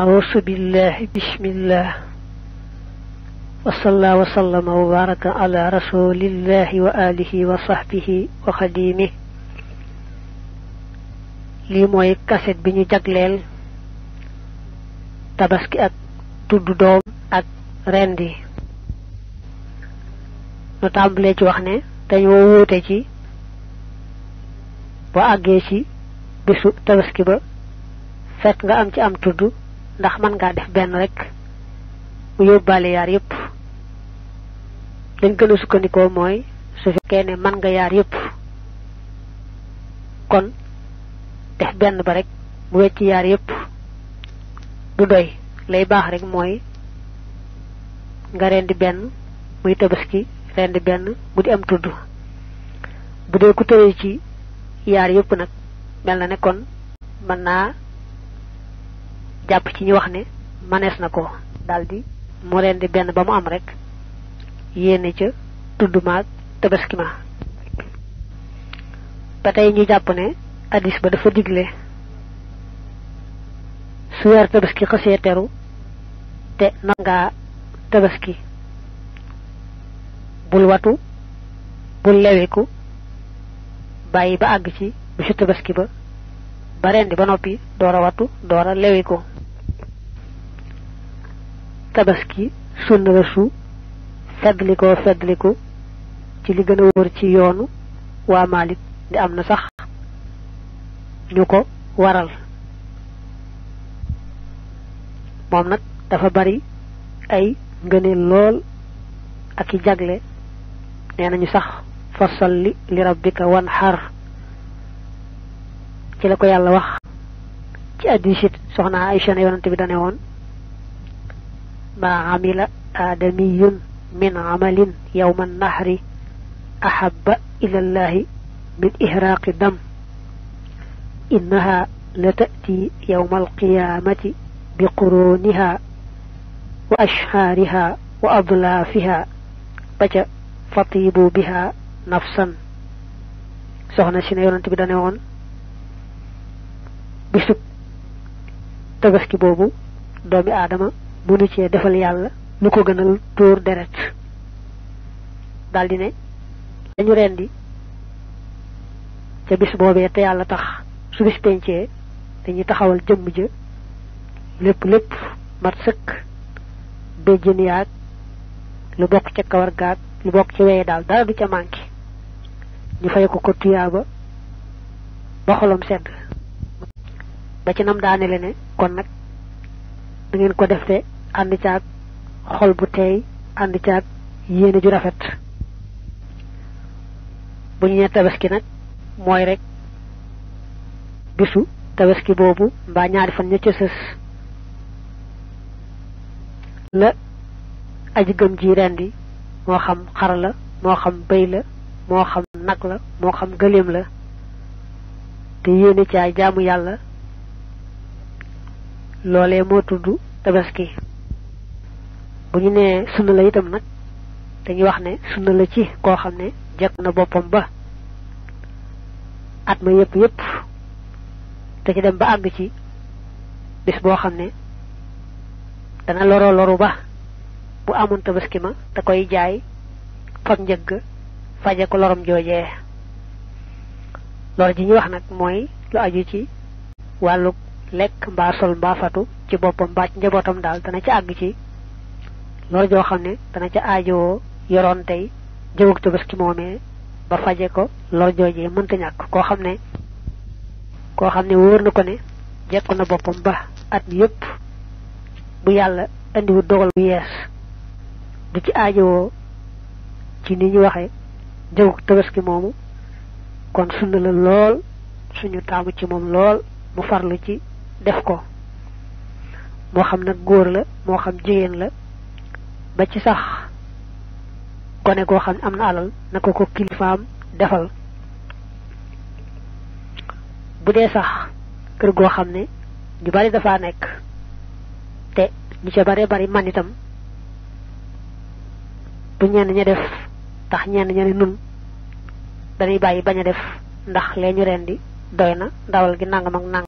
أعوذ بالله بسم الله وصلى وسلم وبارك على رسول الله وآله وصحبه وخديمه لي موي كاسيت بي جاكليل تباسكي اك تود دوم اك ريندي نو تامبلي سي واخني تاني وو ووتي سي با اغي بيسو تباسكي با فك غا ام سي ام تودو ndax man nga def ben rek mu yobale yar yep dañ gëna sukkandiko moy su fekke ne man nga yar yep kon def ben ba rek mu wécc yar yep du doy lay bax rek moy nga rendi ben muy tabaski rendi ben mu di am tuddu bu ku ci yar yep nak melna ne kon man naa japp ci ñu wax ne manes na ko daldi mo len di ben ba mu am rek yene ci tuddu ma tabaskima patay ñu japp ne hadis ba dafa diglé su weer tabaski xasse teru te nanga tabaski bul watu bul leweku bayyi ba ag ci bisu tabaski ba bareen di ba noppi door a wattu lewi ko tabaski sunna la su fedliko fedliko ci li gën a wër ci yoonu waa malik di am na sax ñu waral moom nag dafa bari ay ngëne lool ak i jagle nee nañu sax fasalli li rabbika wan ci la ko yàlla wax ci addis it soxna Aïcha ne yonante bi dane woon ma amila aadamiyun min amalin yawma nahri ahabba ila allahi min ihraaqi dam innaha la tati yawma alqiyamati biquruniha wa ashhaariha wa adlaafiha ba ca fatibu biha nafsan soxna si ne yonante bi dane woon bisub tabaski boobu doomi aadama mënu cee defal yàlla lu ko gënal tuur deret daldi ne dañu rendi ca bis boobee te yàlla tax su bis pencee dañuy taxawal jëmm ja lépp lépp mat sëkk béjjën yaag lu bokk ca kawar lu bokk ci weye daal dara du ca manqué ñu fay ko ko tuyaaba ba xolam sedd ba ci nam daane le kon nag da ngeen ko def te ànd caag xol bu teey ànd caag yéene ju rafet bu ñu nee tabaski nag mooy rekk bisu tabaski boobu mbaa ñaari fan ña ca la aji gëm ji rendi moo xam xar la moo xam bëy la moo xam nag la moo xam gëléem la te yéene caay jaamu yàlla lolé mo tuddu tabaski buñu né sunna la itam nak dañuy wax né sunna la ci ko xamné jek na bopam ba at ma yépp yépp te ci dem ba ag ci bis bo xamné dana loro loru ba bu amun tabaski ma da koy jaay fak njëgg faje ko lorom jojé lor ji ñu wax nak moy lu aju ci waluk lekk mbaa sol mbaa fatu ci boppam mbaa ci njabootam daal dana ci àgg ci lor joo xam ne dana ci aajowoo yoroon tey jëwug tabaski moomee ba faje ko lor joojee mënta koo xam ne koo xam ne wóor na ko ne jekku na boppam ba at bu yàlla indiwu dogal ci aajowoo ci ni ñu waxe jëwug tabaski moomu kon sunna la lool suñu taamu ci moom lool mu farlu ci def ko mo xam nak goor la mo xam jigen la ba ci sax gone go xam amna alal na ko ko kilifaam defal bu dee sax kër go xam ne ñu bari dafa nek te ñu ci bari bari man itam bu ñen ñi def tax ñen ñi nun dañuy bayyi baña def ndax leñu rendi doyna dawal gi nangam ak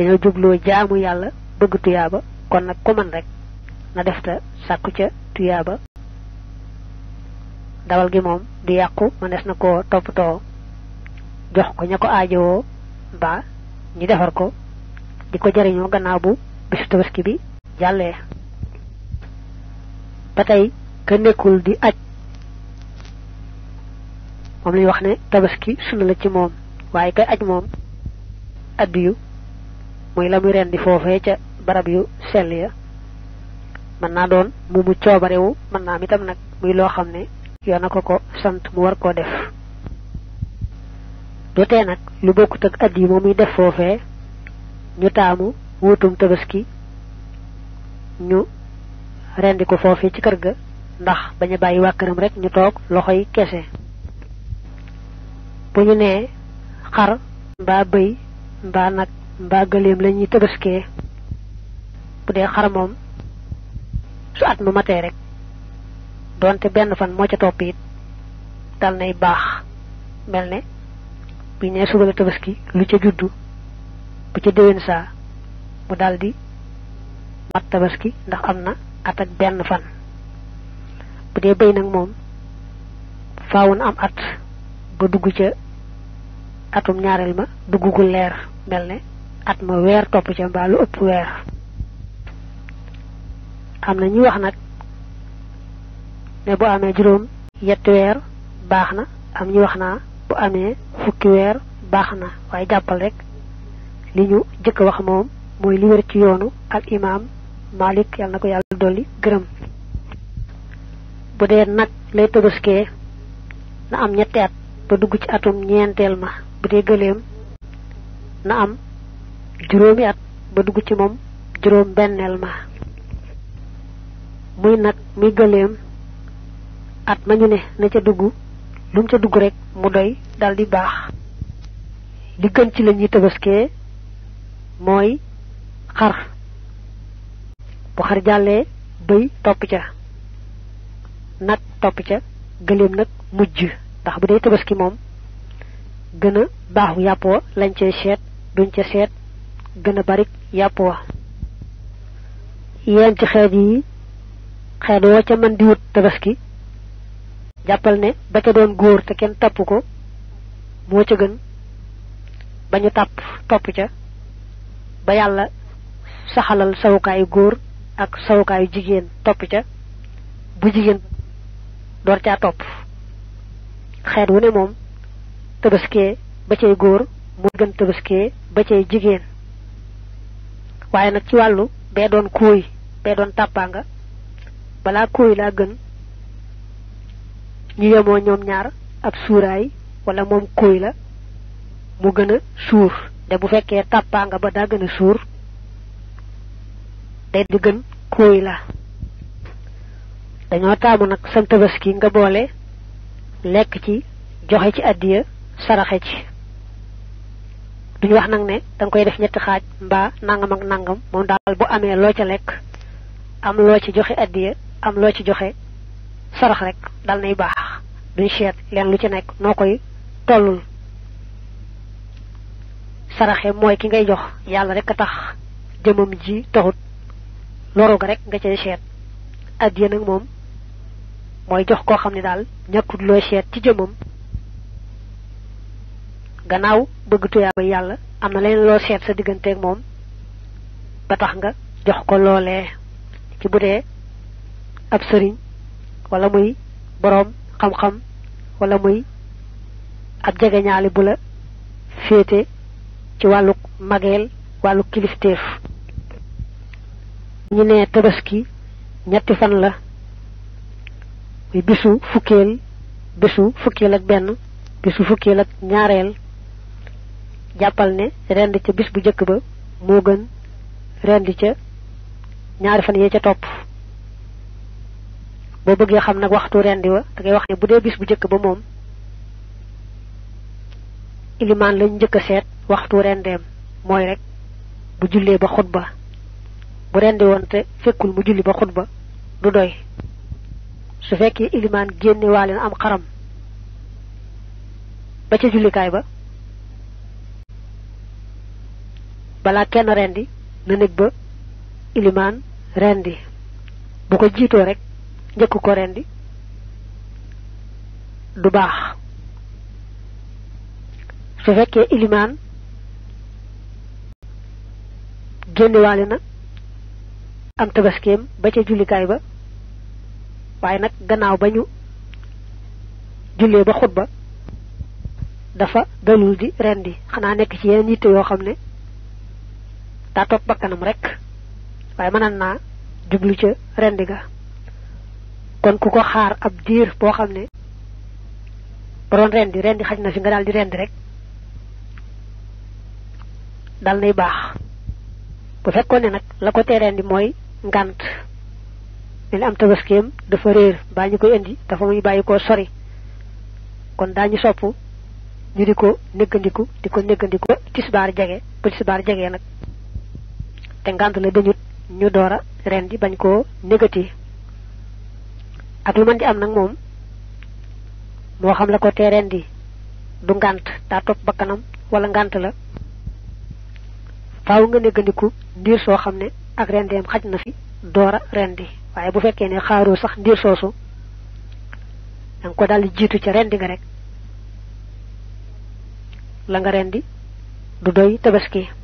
dañoo jubloo jaamu yàlla bëgg tuyaaba kon nag ku man rek na def ta sàkku ca tuyaaba dawal gi moom du yàqu mënees na koo toppatoo jox ko ña ko aajowoo mbaa ñu defar ko di ko jariñoo gannaaw bu bisu tabaski bi jàllee ba tey ka nekkul di aj moom lañu wax ne tabaski sunna la ci moom waaye kay aj moom abiyu muy lamuy rendi fofé ca barab yu selia, ya man na doon mu mu coobarewu man naa itam nag muy loo xam ne yoona ko ko sant mu war koo def do tee nag lu bokkut ak addi muy def foofee ñu taamu wutum tabaski ñu rendi ko foofee ci kër ga ndax baña bàyyi waa këram rek ñu toog loxoy kese bu ñu nee xar mbaa bëy mbaa nag mbaa gëleem la ñuy tëbaskee bu dee xar moom su at mu matee rek donte benn fan moo ca topp it dal nay baax mel ne bi ñee suba la tabaski lu ca juddu bu ca déwén saa mu dal di mat tabaski ndax am na at ak benn fan bu dee béy nag moom faawun am at ba dugg ca atum ñaareel ma duggugul leer mel at ma weer topp ca mbaa lu ëpp weer am na ñu wax nag ne bu amee juróom yett weer baax na am ñu wax naa bu amee fukki weer baax na waaye jàppal rek li ñu jëkk wax moom mooy li wér ci yoonu al imam malik yàlla na ko yàlla dolli gërëm bu dee nag lay tëbaskee na am ñetti at ba dugg ci atum ñeenteel ma bu dee gëleem na am juroomi at ba dugg ci moom juróom bennel ma muy nag muy gëleem at ñu ne na ca dugg lum ca dugg rek mu doy dal di baax li gën ci lañuy ñuy tëbaskee mooy xar bu xar jàllee bëy topp ca nag topp ca gëleem nag mujj ndax bu dee moom gën a baaxu yàpp lañ seet duñ ca seet gëna bari yàpp wa yeen ci xeet yi xeet woo ca man di wut tabaski jàppal ne ba ca doon góor te kenn tapp ko moo ca gën ba ñu tàpp topp ca ba yàlla saxalal sawukaayu góor ak sawukaayu jigéen topp ca bu jigéen door caa topp xeet wu ne moom tabaskee ba cay góor moo gën tabaskee ba cay jigéen waaye nag ci wàllu bee doon kuuy bee doon tàppaanga balaa kuuy laa gën ñu yemoo ñoom ñaar ab suuraay wala moom kuuy la mu gën a suur de bu fekkee tàppaanga ba daa gën a suur day di gën kuuy la dañoo taamu nag nga boole lekk ci joxe ci addiya saraxe ci duñu wax nag ne da koy def ñetti xaaj mbaa nangam ak nangam moom daal bu amee loo ca lekk am loo ci joxe addiya am loo ci joxe sarax rek dal nay baax duñ seet leen lu ci nekk noo koy tollul saraxe mooy ki ngay jox yàlla rek a tax jëmam ji taxut loru ga rek nga cay seet addiya nag moom mooy jox koo xam ne daal ñàkkut looy seet ci jëmam gannaaw bëgg tuyaaba yàlla am na leen loo seet sa digganteeg moom ba tax nga jox ko loolee ci bu dee ab sëriñ wala muy boroom xam-xam wala muy ab jegeñaali bu la féete ci wàllu mageel wàllu kilifteef ñu ne tabaski ñetti fan la muy bisu fukkeel bisu fukkeel ak benn bisu fukkeel ak ñaareel jàppal ne rend ca bis bu njëkk ba moo gën rend ca ñaari fan yee ca topp boo bëggee xam nag waxtu rendi wa da ngay wax ne bu dee bis bu jëkk ba moom ilimaan lañ njëkk a seet waxtu rendeem mooy rek bu jullee ba xutba bu rendi woon te fekkul mu julli ba xutba du doy su fekkee ilimaan génne waa am xaram ba ca jullikaay ba balaa kenn rendi na néeg ba ilimaan rendi bu ko jiitoo rek njëkk ko rendi du baax su fekkee ilimaan génnewaale na am tabaskeem ba ca jullikaay ba waaye nag gannaaw ba ñu jullee ba xutba dafa dalul di rendi xanaa nekk ci yeneen yitte yoo xam ne daa topp bakkanam rek waye manan na rendega. ci rendi ga kon ku ko xaar ab dir bo xamne rendi rendi xajna na fi nga dal di rendi rek dal nay bax bu fekkone nak la ko tere rendi moy ngant mel am tawaskem dafa réer baa ñu koy indi dafa muy bayiko sori kon dañu sopp ñu diko neggandiku diko neggandiku tisbar jage te ngant la dañu ñu doora ren di bañ ko négati ak lu man di am nak mom mo xam la ko te ren di du ngant ta top bakkanam wala ngant la faaw nga négandiku dir so xamne ak rendeem xaj na fi doora rendi waye bu fekke ne xaru sax dir soso dang ko jitu ci ren rendi nga rek la nga rendi du doy tabaski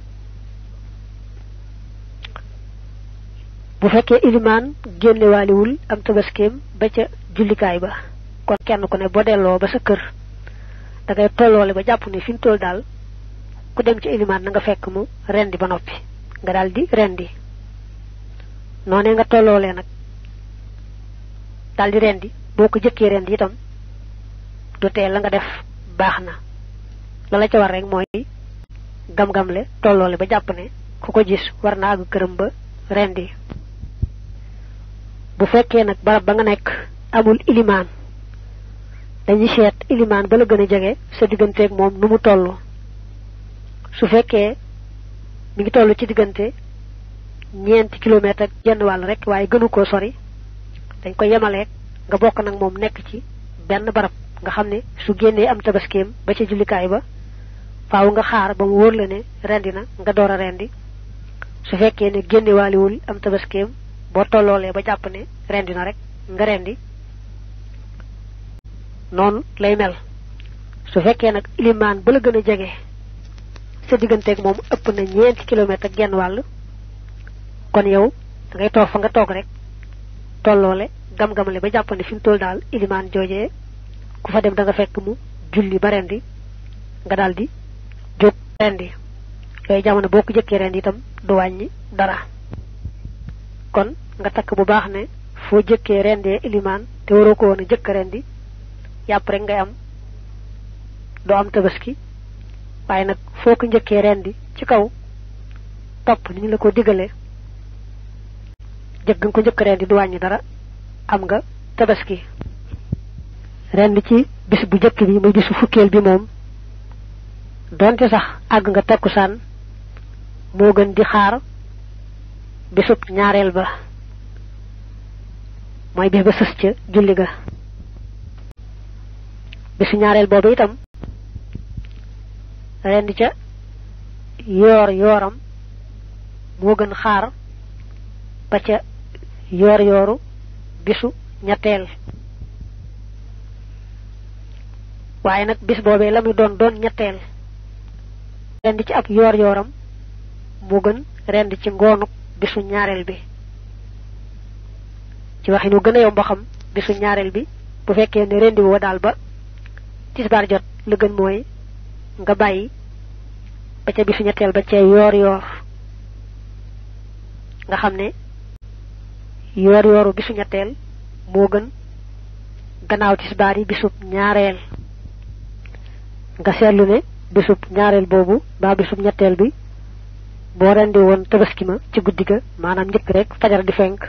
bu fekkee ilimaan génnewaaliwul am tabaskeem ba ca jullikaay ba kon kenn ku ne boo delloo ba sa kër da ngay tolloole ba jàpp ne fi mu toll daal ku dem ci iliman na nga fekk mu rendi ba noppi nga daal di rendi noonee nga tolloolee nag daal di rendi boo ko jëkkee rendi itam du tee la nga def baax na la la ca war rek mooy gam le tolloole ba jàpp ne ku ko gis war naa ba rendi bu fekke nak barab ba nga nek amul iliman, dañu xet iliman ba la gëna jëgé sa digënté ak mom numu tollu su fekke mi ngi tollu ci digënté ñent kilomètre ak jenn wal rek waye gënu ko sori dañ ko yemaleeg nga bok nak mom nek ci benn barab nga xamné su génné am tabaskeem ba ci julikaay ba faaw nga xaar ba mu wër la né rendina na nga doora rendi su fekkee ne wul am tabaskeem boo tolloolee ba jàpp ne rendi na rek nga rendi noonu lay mel su fekkee nag ilimaan ba la gën a jege sa digganteeg moom ëpp na ñeenti kilomètre ak genn wàll kon yow da ngay toog fa nga toog rek tolloole gam-gamale ba jàpp ne fi mu toll daal ilimaan joojee ku fa dem da nga fekk mu julli ba rendi nga daal di jóg rendi yooyu jamono boo ko jëkkee rendi itam du wàññi dara kon nga tak bu baax ne fo jëkkee rendé ilimaan te woro ko woon a rendi yap rek ngay am do am tabaski waaye nak foo ko njëkkee rendi ci kaw top ni la ko digalé jëgg nga ko njëkk rendi du wañi dara am nga tabaski rendi ci bis bu jëkk bi muy bisu fukkeel bi mom donte sax ag nga takkusaan mo gën di xaar bésub ñaareel ba mooy bis ca julli ga bisu ñaareel boobu itam rendi ca yoor yooram moo gën xaar ba ca yoor yooru bisu ñetteel waaye nag bis boobee la muy doon doon ñetteel rendi ci ab yoor yooram moo gën rend ci ngoonu bisu ñaarel bi ci waxinu gëna ba xam bisu ñaarel bi bu fekkee ne rendi wo daal ba tisbar jot la gën mooy nga bàyyi ba ca bisu ñetteel ba ca yoor yoor nga xam ne yoor yooru bisu ñetteel moo gën gannaaw tisbar yi bisub ñaareel nga seetlu ne bisub ñaareel boobu baa bisub ñetteel bi bo rendi won tabaski ma ci guddiga manam ñepp rek fajar di fenk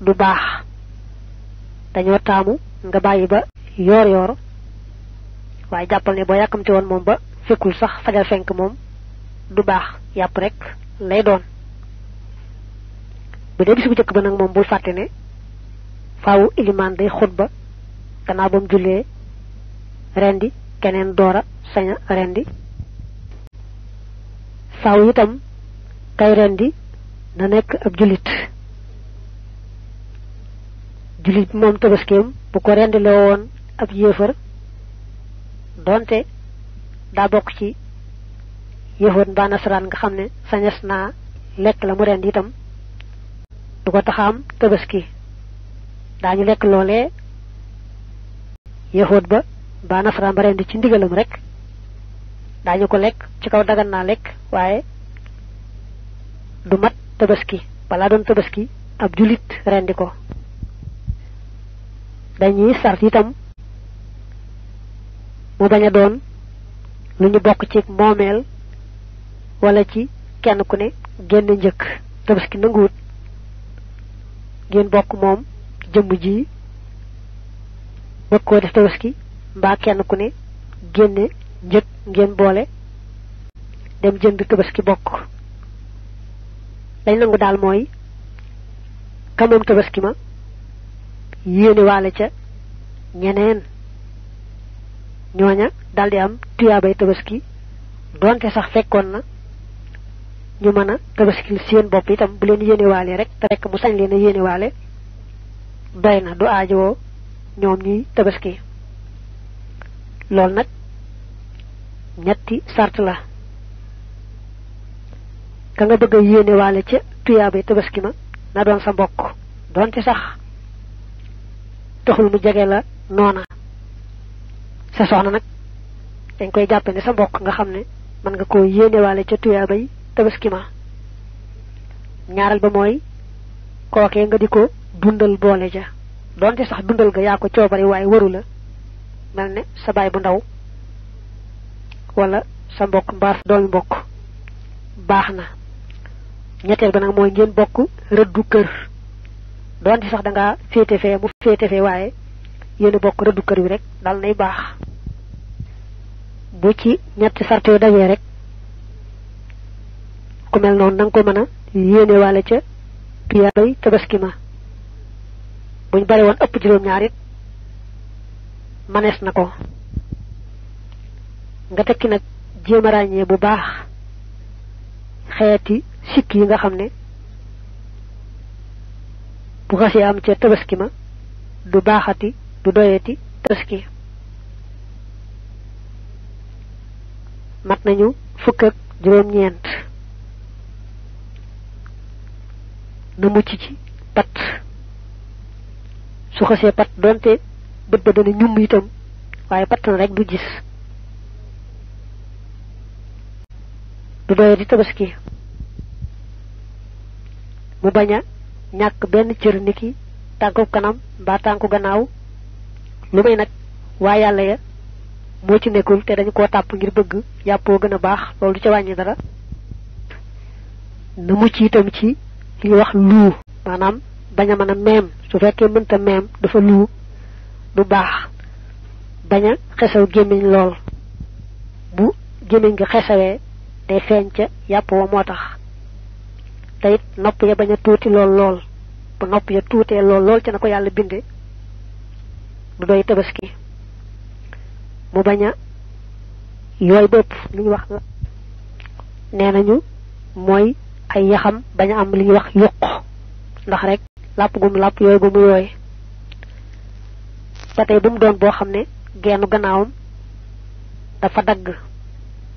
du bax dañu taamu nga bayyi ba yor yor waye jappal ne bo yakamti won mom ba fekkul sax fajar fenk mom du bax yap rek lay doon bu dé bisu jëk ba nak mom bu faté ne faawu iliman day khutba gannaaw bam julé rendi kenen Dora, saña rendi faaw itam kay rendi na nekk ab jullit jullit moom tabaskeem bu ko rendiloo woon ab yéefar donte daa bokk ci yéefar mbaa nga xam ne sañes naa lekk la mu rend itam du ko taxaam tabaski daañu lekk loole yéefar ba mbaa nasaraan ba rend ci ndigalam rekk daañu ko lekk ci kaw dagan naa lekk waaye du mat tabaski balaa doon tabaski ab jullit rendi ko dañuy sart itam mu bañ doon lu ñu bokk ci moomeel wala ci kenn ku ne génn njëkk tabaski nanguwut ngeen bokk moom jëmm ji bëgg koo def tabaski mbaa kenn ku ne génne njëg ngeen boole dem jënd tabaski bokk lañ nangu daal mooy kamoom ki ma yéene waale ca ñeneen ñooña dal di am tuyaabay ki donte sax fekkoon na ñu mën a tabaskil seen bopp itam bu leen yéene waale rek te rek mu sañ leen a yéene waale doy na du aajowoo ñoom ñuy tabaski loolu nag ñetti sart la ka nga bëgg a ca tuyaabay tabaski ma na doon sa mbokk doonte sax taxul mu jege la noona sa soxna nag dañ koy jàppe ne sa mbokk nga xam ne mën nga koo yéene waale ca tuyaabay tabaski ma ñaareel ba mooy kookee nga di ko dundal boole ja doonte sax dundal ga yaa ko coobare waaye waru la mel ne sa baay bu ndaw wala sa mbokk mbaa doomi mbokk baax na ñetteel ba nag mooy ngeen bokk rëddu kër doon ci sax da ngaa féete fee mu féete fee waaye yéen a bokk rëddu kër bi rek daal nay baax bu ci ñetti sart yu dajee rek ku mel noonu danga ko mën a yéene waale ca tuyaabay tabaski ma buñ bari woon ëpp juróom-ñaar manees na ko nga tekki nag jéem a ràññee bu baax xeeti sikki yi nga xam ne bu am ca tabaski ma du baaxati du doyati tabaski mat nañu fukk ak juróom-ñeent na mucc ci pat su xasee pat donte bët ba dana ñum itam waaye pat rek du gis du doye di tabaski mu baña ñak ben cër niki tànku kanam ba tanku gannaaw lu may nak wa yalla ya mo ci nekkul te dañ ko tap ngir bëgg yàppoo gëna baax loolu ci ca wàññi dara mu ci itam ci li wax lu manam baña mëna mem su fekke mënta mem dafa lu du baax baña xesaw gémmiñ lool bu gemiñ nga xesawee day feeñ ca yàpp wa moo tax nopp ya bañ a tuuti lool lool bu nopp ya tuutee lool lool ca na ko yàlla binde du doy tabaski mu bañ a yooy bopp lu ñu wax la nee nañu mooy ay yaxam bañ a am li ñuy wax yuq ndax rek làpp gum làpp yooy bu mu yooy ba tey bu mu doon boo xam ne dafa dagg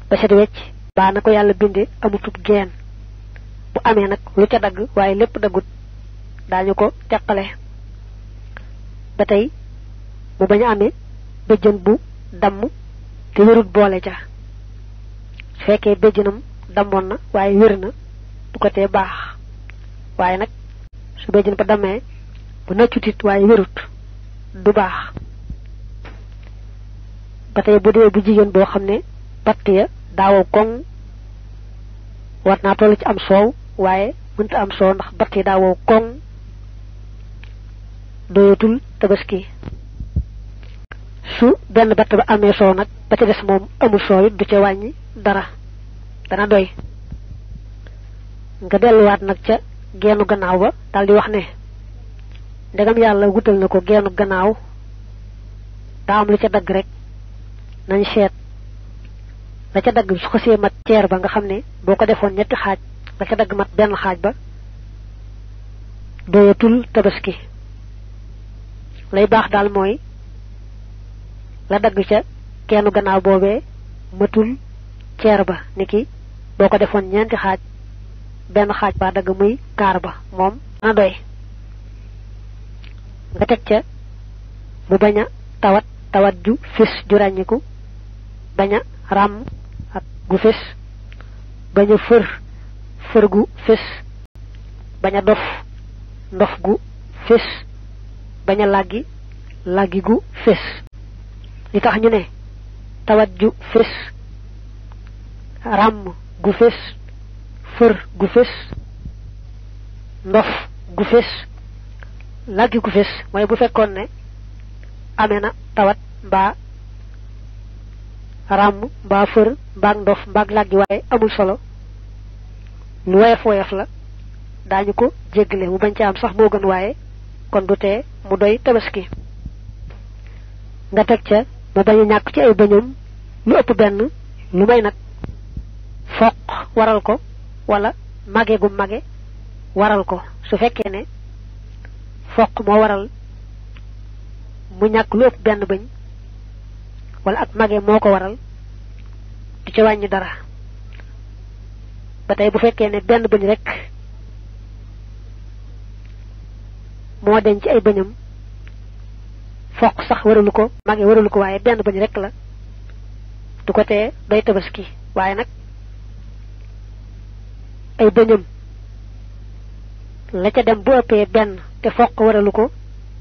ba wecc baa na ko yàlla binde amutub geen bu amee nag lu ca dagg waaye lépp daggut daañu ko teqale ba tey mu bañ a amee béjjën bu damm te wérut boole ca su fekkee béjjënam dammoon na waaye wér na bu ko tee baax waaye nag su béjjën ba dammee bu nëccutit waaye wérut du baax ba tey bu dee bu jigéen boo xam ne patt ya Dawo kong, war naa toll ci am soow waaye mënta am soow ndax batti doyatul tabaski su benn batt ba amee soow nag ba ca des moom amul soow du ca wàññi dara dana doy nga delluwaat nag ca geenu gannaaw ba daal di wax ne ndegam yàlla wutal na ko gannaaw lu ca dagg rek nañ seet da ca dagg su xasee mat ceer ba nga xam ne boo ko defoon ñetti xaaj la ca dagg mat benn xaaj ba doyatul tabaski lay baax daal mooy la dagg ca kennu gannaaw boobee matul ceer ba niki boo ko defoon ñeenti xaaj benn xaaj baa dagg muy kaar ba moom na doy nga teg ca mu bañ a tawat tawat ju fis ju ràññiku bañ a ràmm gu fes baña a fër fër gu fes baña dof ndof gu fes baña lagi lagi gu fes li tax ñu ne tawat ju fes ram gu fes fër gu fes ndof gu fes lagi gu fes mooy bu fekkoon ne amee na tawat ba ram mba feur mba ndof mba laggi waye amul solo lu wayef wayef la dañu ko jéggale mu bañ ci am sax moo gën waaye kon mu doy tabaski nga ca ci ay lu ëpp benn lu may waral ko wala mage gu mage waral ko su fekkee ne waral mu ñàkk lu wala ak magge moko waral ci wañu dara batay bu fekke ne benn bañ rek mo den ci ay bañum fokk sax waralu ko mage waralu ko waye benn bañ rek la du ko te day tabaski waye nak ay bañum la ca dem bu ëppee benn te fokk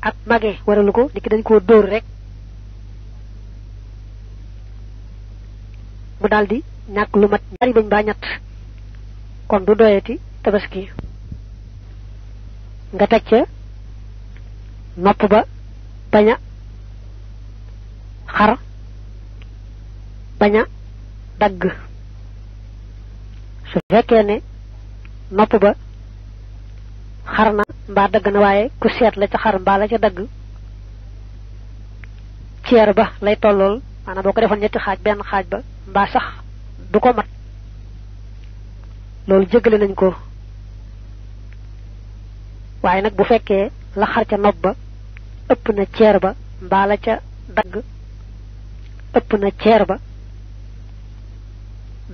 ak mage waralu ko niki dañ ko door rek mu daldi ñak lu mat bari bañ ba ñatt kon du doyati tabaski nga teg ca nopp ba baña xar baña dagg su fekkee ne nopp ba xar na mbaa dagg na waaye ku seet la ca xar mbaa la ca dagg ceer ba lay tollool maanaam boo ko defoon ñetti xaaj benn xaaj ba mbaa sax du ko mat loolu jëggale nañ ko waaye nag bu fekkee la xar ca nopp ba ëpp na ceer ba mbaa la ca dagg ëpp na ceer ba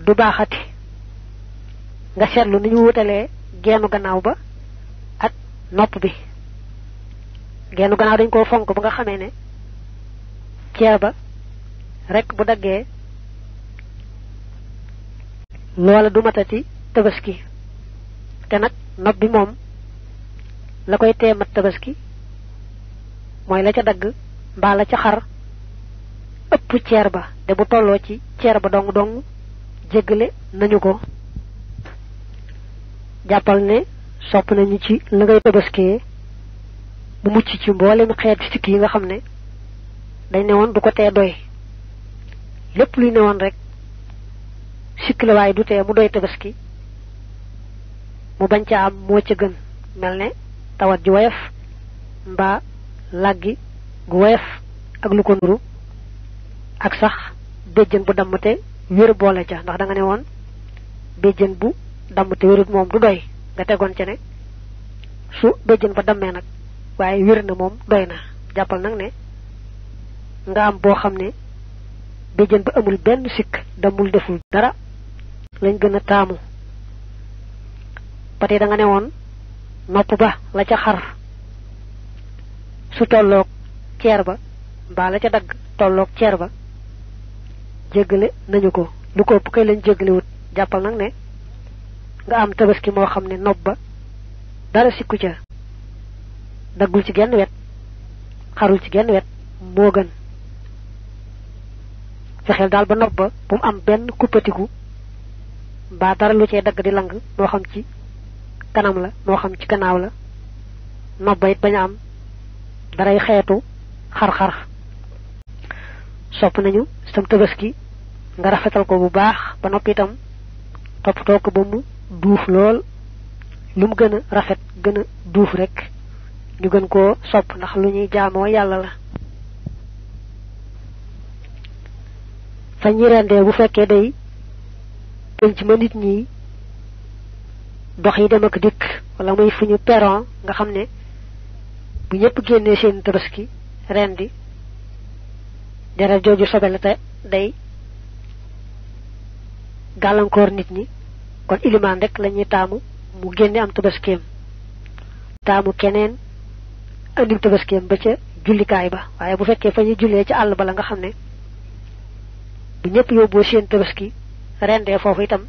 du baaxati nga seetlu ni ñu wutalee geenu gannaaw ba ak nopp bi geenu gannaaw dañ koo fonk ba nga xamee ne ceer ba rekk bu daggee loola du matati tabaski te nag nob mom moom la koy tee mat tabaski mooy la ca dagg mbaa la ca xar ëpp ceer ba te bu tolloo ci ceer ba dong dong jéggale nañu ko jàppal ne sopp nañu ci la ngay tabaskee mu mucc ci mboolem xeeti sikk yi nga xam ne dañ ne woon du ko tee doy lépp luy ne rek sikk la waaye du tee mu doy tabaski mu bañ ca am moo ca gën mel ne tawat ji woyof mbaa làggi gu woyof ak lu ko nuru ak sax béjjën bu damm te wér boole ca ndax danga ne woon béjjën bu damm te wérut moom du doy nga tegoon ca ne su béjjën ba dammee nag waaye wér na moom doy na jàppal nag ne nga am boo xam ne béjjën ba amul benn sikk damul deful dara lañ gëna taamu ba da nga ne nopp ba la ca xar su tollok ceer ba ba la ca dag tollok ba jéggalé nañu ko du ko pokay lañ jéggalé wut jappal nak ne nga am tabaski mo xamné ne nopp ba dara sikku ca dagul ci genn wet xarul ci genn wet mo gën fexel dal ba nopp ba bu am ben ba dara lu cey dag di lang mo xam ci kanam la mo xam ci kanaw la no it baña am daray xetu xar xar sopp nañu sam tabaski nga rafetal ko bu baax ba nopi tam top tok bu mu duuf lol lu mu rafet gëna duuf rek ñu gën ko sopp ndax lu ñuy jaamo yalla la fa ñi rendé bu day penc ma nit ñi dox yi dem ak dikk wala muy fuñu peron nga xam ne bu ñëpp génnee seen tabaski ren dara jooju sobe te day gàllankoor nit ñi kon ilimaan rek la ñuy taamu mu génne am tabaskeem taamu keneen andim tabaskeem ba ca jullikaay ba waaye bu fekkee fa ñuy jullee ci àll ba la nga xam ne bu ñëpp yóbboo seen tabaski rendee fofu itam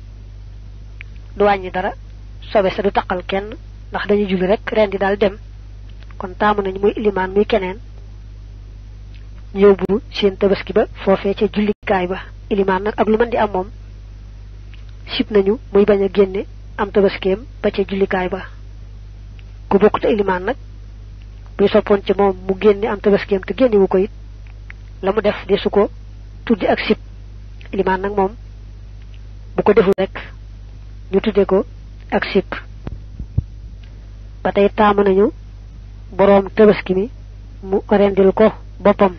du wañi dara sobe sa du takal kenn ndax dañu julli rek rendi dal dem kon taamu nañ muy iliman muy keneen yóbbu seen tabaski ba foofee ca jullikaay ba iliman nag ak lu man di am moom sib nañu muy bañ a génne am tabaskeem ba ca jullikaay ba ku ta iliman nag buy soppoon ci moom mu génne am tabaskeem te wu ko it la def desu tuddi ak sib iliman nag moom bu ko deful rek ñu tuddee ko ak sip ba tey taamu nañu borom tabaski mi mu rendil ko boppam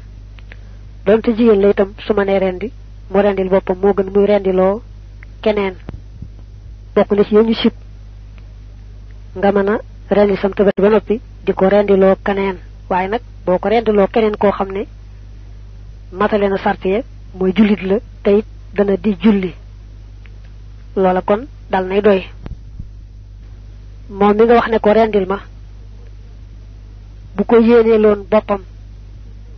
donte jigéen la itam su ma ne rendi mu rendil boppam moo gën muy rendiloo keneen bokk na ci ñu sip nga mën a rendi sam tabaski ba noppi di ko rendiloo keneen waaye nag boo ko rendiloo keneen koo xam ne matale na sart mooy jullit la teyit dana di julli loola kon dal nay doy moom mi nga wax ne ko rendil ma bu ko yéenee loon boppam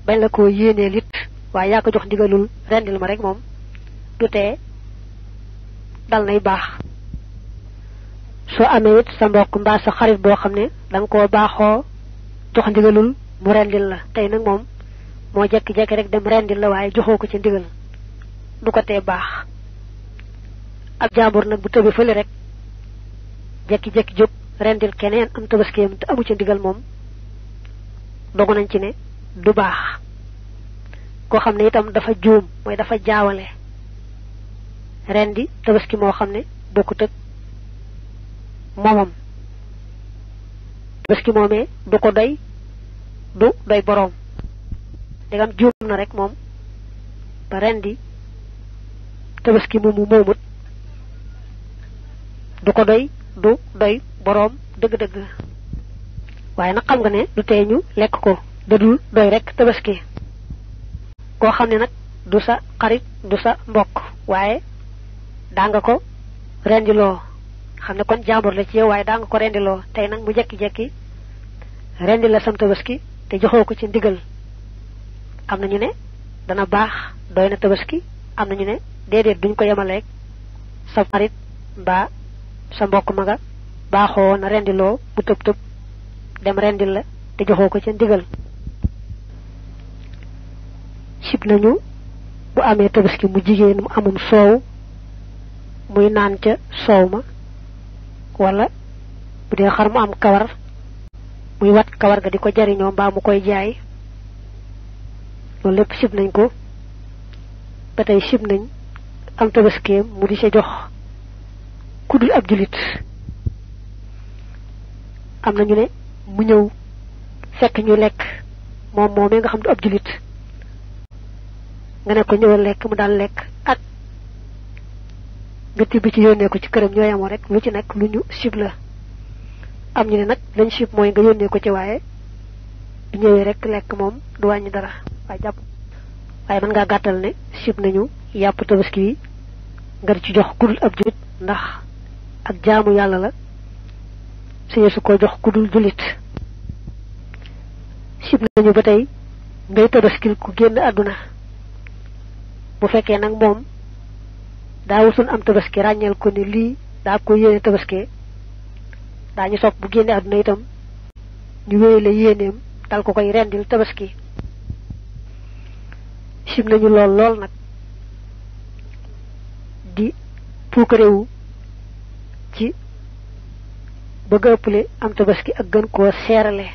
bañ la koo lit waaye yaa ko jox ndigalul rendil ma rek moom du tee dal nay baax so amee it sa mbokk mbaa sa xarit boo xam ne da nga koo baaxoo jox ndigalul mu rendil la tey nag moom moo jekki-jekki rek dem rendil la waaye joxoo ko ci ndigal du ko tee baax ab jaambur nag bu tëbe fële rek jekki-jekki jóg rendil keneen am tabaskiyam te amu ci ndigal moom dogu nañ ci ne du baax koo xam ne itam dafa juum mooy dafa jaawale rendi tabaski moo xam ne bokkut ak moomam tabaski moomee du ko doy du doy boroom ndegam juum na rek moom ba rendi tabaski mu moomut du ko doy du doy borom deug deug waye nak xam nga ne du tey ñu lek ko dadul doy rek tabaski ko xamne nak du sa xarit du sa mbokk waye da nga ko rendilo xamne kon jambur la ci yow waye da nga ko rendilo tay nak mu jekki jekki rendi sam tabaski te joxo ci ndigal amna ñu ne dana baax doyna tabaski amna ñu ne dedet duñ ko yamalek sa xarit ba sa mbokk ma nga baaxoo na rendiloo bu tëb top dem rendil la te joxoo ko ca ndigal sib nañu bu amee tabaski mu jigéen mu amum soow muy naan ca soow ma wala bu dee xar am kawar muy wat kawar ga di ko jariñoo mbaa mu koy jaay loolu lépp sib nañ ko ba tey sib nañ am tabaskeem mu di ca jox kudul ab julit amna ñu ne mu ñew fekk ñu lek mom momé nga xam du ab julit nga ne ko ñewal lek mu dal lek ak nga tibb ci yone ko ci kërëm ñoy yamoo rek lu ci nekk lu ñu sib la am ñu ne nag lañ sib mooy nga yónnee ko ci waaye bu ñëwee rek lekk moom du wàññi dara waaye jàpp waaye mën ngaa gàttal ne sib nañu yàpp tabaski yi nga ci jox kudul ab julit ndax ak jaamu yàlla la suñu su ko jox ku dul julit sib nañu ba tey ngay tabaskil ku génn àdduna bu fekkee nag moom daa wutoon am tabaski ràññeel ko ni lii daa ko yéene tabaskee ñu sopp bu génne àdduna itam ñu wéye la yéeneem dal ko koy rendil tabaski sib nañu lool lool nag di puukarewu ci bëgg ëppale am tabaski ak gën koo seerale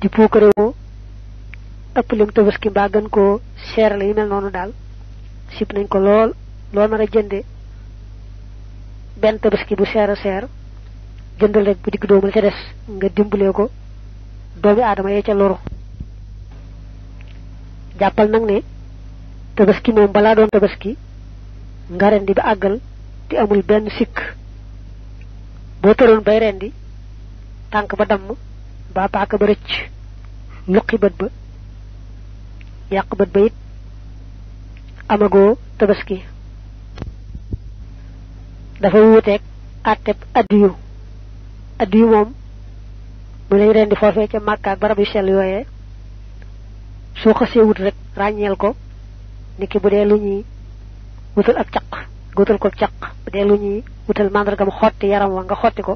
di puukare woo am tabaski mbaa gën koo seerale yi mel dal daal sip nañ ko lool loo nar a jënde benn tabaski bu seer a seer jëndal rek bu digg doomu ca des nga dimbalee ko doomi aadama yee ya ca loru jàppal nag ne tabaski moom balaa doon tabaski ngarendi ba agal te amul ben sik bo teron bay rendi tank ba dam ba paaka ka berecc luqi bët ba yak bët ba it amagoo tabaski dafa wutek atep adiyu adiyu mom bu lay rendi fofé ci makka ak barab yu sell yooyee soo wut rek ràññeel ko niki budé dee wutal ak caq wutal ko caq bu dee ñi ñuy mandarga mu xotti yaram wa nga xotti ko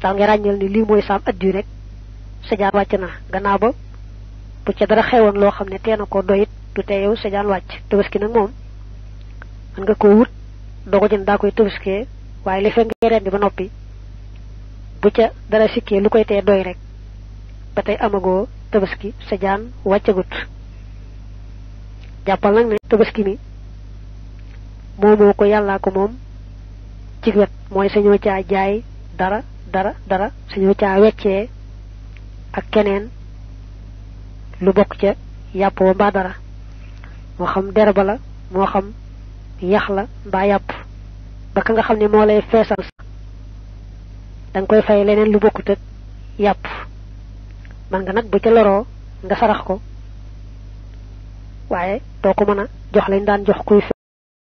daal nga rañal ni li moy sam addu rek sa jaar wacc na ganna ba bu ci dara xewon lo xamne teena ko doyit du teyew yow sa jaan wàcc tabaski nag moom man nga ko wut ko jën da koy tabaskee waaye li rendi ba nopi bu ca dara sikke lu koy tee doy rek batay amago amagoo tabaski sa jaan waccagut jappal nak ne tabaski mi momo ko yalla ko mom ci wet moy sañoo ca jaay dara dara dara sañoo ca weccee ak kenen lu bok ca yapo ba dara mo xam derba la mo xam yax la ba yap ba ka nga xam ne lay fessal dang koy fay lenen lu bokut ak yap man nga nak bu ca loro nga sarax ko waaye toko ko jox lañ daan jox kuy